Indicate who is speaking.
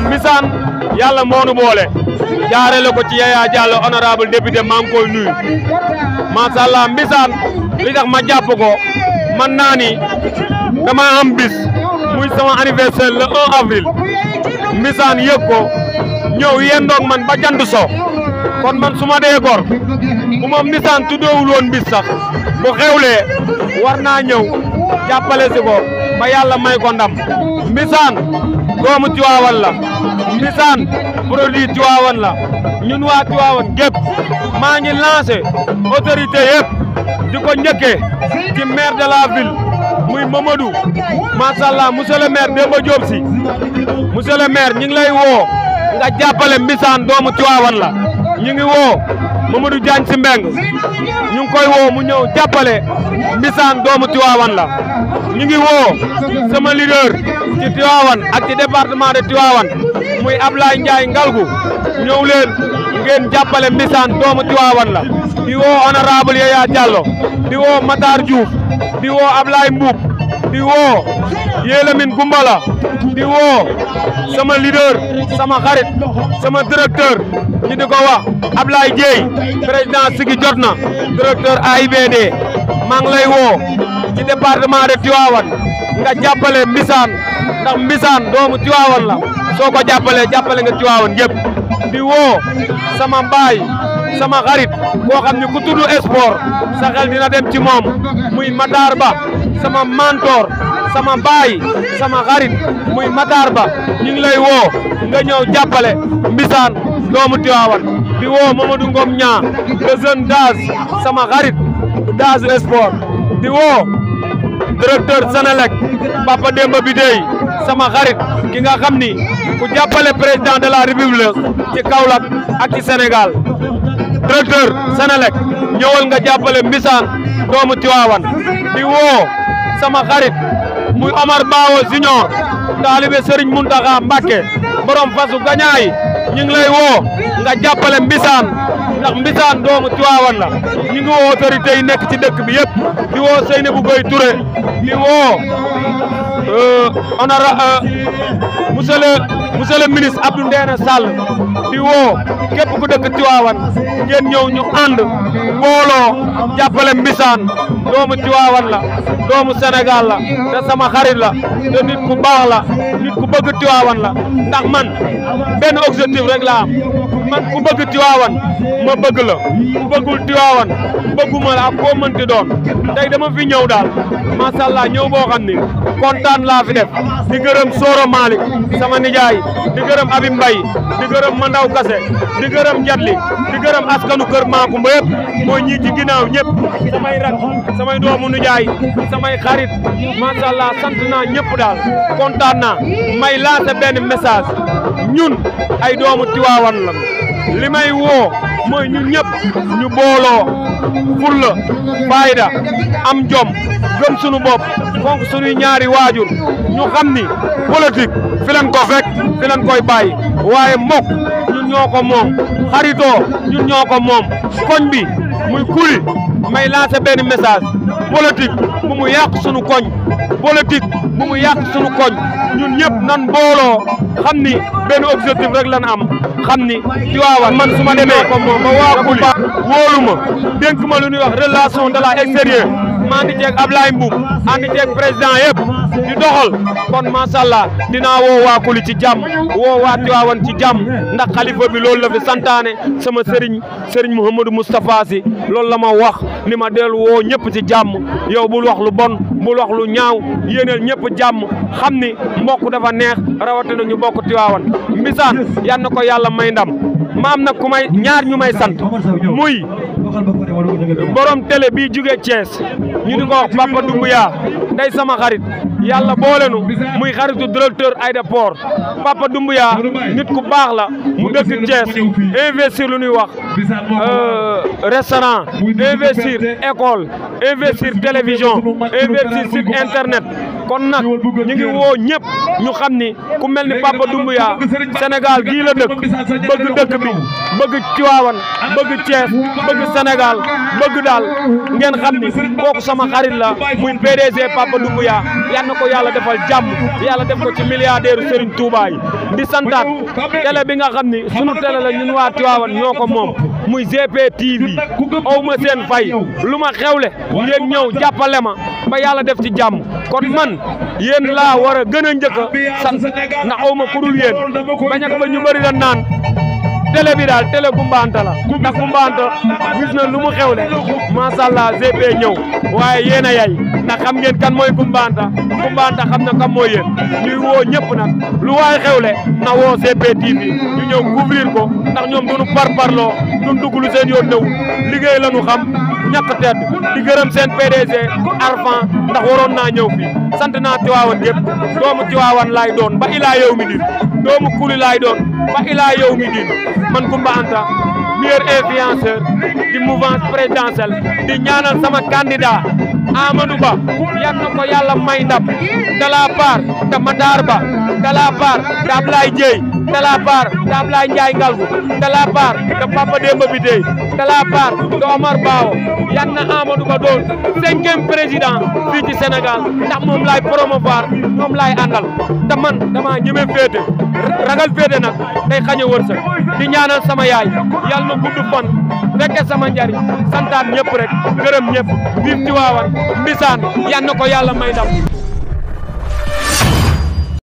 Speaker 1: ginnaaw yàlla moo nu boole jaarale ko ci Yaya Diallo honorable député maa ngi koy nuyu macha allah misaan li tax ma jàpp ko man naa ni dama am bis muy sama anniversaire le 1 avril misaan yëg ñëw yendoog man ba jant so kon man su ma dee gor bu ma misaan tuddoowul woon bis sax bu war naa ñëw jàppale si ko ba may ko ndam misaan doomu Tiwaawan la Mbisaan produit Tiwaawan la ñun waa Tiwaawan gépp maa ngi lancé autorité di ko njëkkee ci de la muy Mamadou macha allah monsieur le maire Demba Diop si le maire ñu ngi lay woo nga jàppale Mbisaan doomu Tiwaawan la ñu ngi woo Mamadou Diagne si Mbeng koy woo mu ñëw Mbisaan doomu Tiwaawan la ñu ngi woo sama leader ci Tivaouane ak ci département de Tivaouane muy Ablaye Ndiaye Ngalgu ñëw ngeen jàppale Mbissane doomu Tivaouane la di woo honorable Yaya Diallo di woo Matar Diouf di woo Ablaye Mbuub di woo Yélamine Gumbala di woo sama leader sama xarit sama directeur ñu di ko wax Ablaye Dieye président sigi jot na directeur AIBD maa ngi lay woo ci département de Tivaouane nga jàppale Mbisaan ndax Mbisaan doomu Tivaouane la soo ko jàppalee jàppale nga Tivaouane yépp di woo sama mbaay sama xarit koo xam ne ku tudd sport sa xel dem ci moom muy Matar Ba sama mentor sama baay sama xarit muy Matar Ba ñu ngi lay woo nga ñëw jàppale Mbisaan doomu Tivaouane di woo Mamadou Ngom ñaa le jeune sama xarit DAS Sport di woo directeur Senelec Papa Demba Bidey sama xarit ki nga xam ni ku jàppale président de la république ci Kaolack ak ci Sénégal directeur Senelec ñëwal nga jàppale Mbisaan doomu Tiwaawan di woo sama xarit muy Omar Bawo Junior taalibe Serigne Mountakha Mbacké borom fasu gañaay ñu ngi lay woo nga jàppale Mbisaan ndax Mbisaan doomu Tiwaawan la ngi woo autorité nekk ci dëkk bi yëpp di woo Seynabou Gueye Touré di woo euh, honora euh, monsieur le monsieur le ministre Abdou Ndéné Sall di woo képp ku dëkk Tiwaawan ngeen ñëw ñu ànd booloo jàppale Mbisaan doomu Tiwaawan la doomu Sénégal la te sama la te nit ku baax la nit ku bëgg Tiwaawan la ndax man benn objectif rek la am man ku bëgg Tiwaawan ma bëgg la ku bëggul Tiwaawan bëgguma la ak koo mënti doon tey dama fi ñëw daal macha allah ñëw boo xam ni kontaan laa fi def di gërëm Soro Malick sama nijaay di gërëm Abi di gërëm Mandaw Kase di gërëm Njatli di gërëm askanu kër Makumba yëpp mooy ñi ci ginnaaw ñëpp samay rak samay doomu nijaay samay xarit macha sant naa ñëpp daal kontaan naa may laata benn message ñun ay doomu Tiwaawan la li may woo mooy ñun ñëpp ñu booloo fulla fayda am jom gëm sunu bopp fonk sunuy ñaari waajur ñu xam ni politique fi ko fekk fi leen koy bàyyi waaye mbok ñun ñoo ko moom xaritoo ñun ko moom koñ bi muy kuri may lancer benn message politique mu yàq sunu koñ politique bu mu yàq suñu koñ ñun ñëpp nan mbooloo xam ni benn objectif rek lan am xam ni Tiwaawan man su ma demee ma waa Koumba wóolu ma dénk ma lu ñuy wax relation de l'extérieur maa ngi ceeg Ablaye Mboum ànd ceeg président yëpp di doxal kon macha allah dinaa woo waa Kuli ci jàmm woo waa Tiwaawan ci jàmm ndax xalifa bi loolu la fi santaane sama sëriñ sëriñ Mouhamadou Moustapha si loolu la ma wax ni ma del woo ñëpp ci jàmm yow bu wax lu bon bul lox lu ñaaw yéeneel ñëpp jàmm xam ni mbokk dafa neex rawatina ñu bokk Tiwaawan mbisaan yan na ko yàlla may ndam maam na ku may ñaar ñu may sant muy borom télé bii jóge Thiès ñu di ko wax Papa Doumbouya day sama xarit yàlla boole nu muy xaritu directeur aéroport Papa Doumbouya nit ku baax la mu dëkk Thiès investir lu ñuy wax euh, restaurant investir école investir télévision investir site internet kon nag ñu ngi woo ñëpp ñu xam ni ku mel ni Papa Doumbouya Sénégal gii la dëkk bëgg dëkk bi bëgg Tiwaawan bëgg Thiès bëgg senegal bëgg daal ngeen xam ni kooku sama xarit la muy PDG Papa Doumbouya yal na ko yàlla defal jàmm yàlla def ko ci milliardaire Serigne Touba yi di santaat télé bi nga xam ni sunu télé la ñun waa Tivaouane ñoo ko moom muy GP TV aw ma seen fay lu ma xewle ngeen ñëw jàppale ma ba yàlla def ci jàmm kon man yéen laa war a gën a njëkk a sant ndax aw ma kurul yéen bañ a ko ba ñu bëri naan télé bi daal télé Koumbaanta la ndax Koumbaanta gis na lu mu xewle macha allah GP ñëw waaye yéen a yay ndax xam ngeen kan mooy Koumbaanta Koumbaanta xam na kan mooy yéen ñuy woo ñëpp nag lu waay xewle na woo GP TV ñu ñëw couvrir ko ndax ñoom duñu parparloo duñu dugg lu seen yoon newul liggéey la ñu xam ñàkk tedd di gërëm seen PDG Arfan ndax waroon naa ñëw fii sant naa Tiwaawan yëpp doomu Tiwaawan laay doon ba ilaa yow mi nii doomu kuli laay doon ba ilaa yow mi diin man Koumba Anta meilleur influenceur di mouvance présidentielle di ñaanal sama candidat Amadou Ba yal na ko yàlla may ndam de la part de Matar Ba de de la part de Ablaye Ndiaye Ngalgu de la part de Papa Demba Biteye de la part de Omar Bao yan na Amadou Ba doon cinquième président fii ci Sénégal ndax moom laay promouvoir moom laay àndal te man dama ñeme féete ragal féete nag day xañ a wërsëg di ñaanal sama yaay yàlla na gudd fan fekke sama njariñ santaat ñëpp rek gërëm ñëpp biir Tiwaawan Mbisaan yan na ko yàlla may ndam